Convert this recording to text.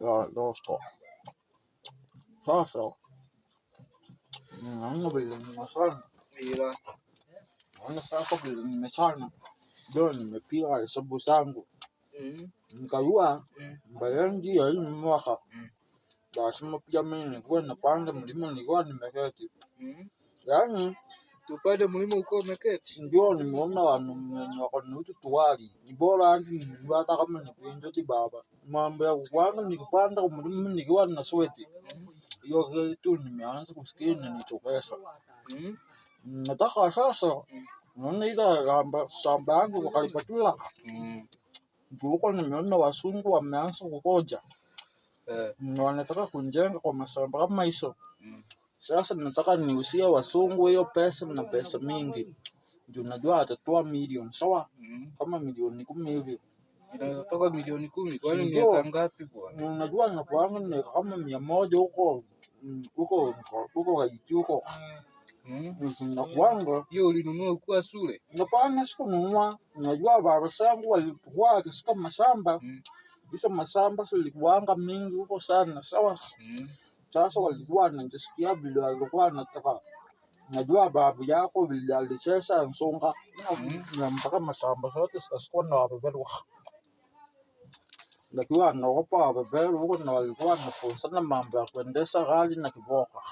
ja, då ska. Så så. Anna bildade med sarna. Ila. Anna sasa bildade med sarna. Ndio nimepiga hesabu zangu. Mm. Nikajua mbele ndio hii mwaka. Mm. Lazima pia mimi nikuwe napanda mlima nikuwa nimeketi. Mm bado mlima uko umeketi? Ndio, nimeona mwenye wako nusu tuwali. Ni bora hadi hata kama ni kuingia ti baba. Mambo ya kwanza nikipanda mlima nikiwa na sweti. Iyo kitu nimeanza kusikia ni chukesa. Hmm? Nataka sasa naona ile ramba samba yangu kwa kalipatula. Hmm. Huko nimeona wasungu wameanza kukoja. Eh, wanataka kunjenga kwa masamba kama iso. Sasa ninataka niusia wasungu hiyo pesa na pesa mingi Ndio najua atatoa milioni sawa, mm. kama milioni kumi hivi inatoka milioni kumi. kwa Kwani ni miaka ngapi bwana? Unajua na nakuanga ni kama mia moja huko mm, huko huko Haiti huko mm. mm. Na nakuanga. Hiyo ulinunua kwa shule? Hapana, sikununua. Unajua baba sangu alikuwa wakishika mashamba hizo, mashamba zilikuanga mingi huko sana, sawa mm. Sasa walikuwa najisikia vile walikuwa nataka najua babu yako vile alicheza msonga mm-hmm. na mpaka mashamba zote sikuwa na wapeperwa nakiwa naogopa wapeperwa huko na walikuwa nafunzana mambo ya kuendesha gari na kiboko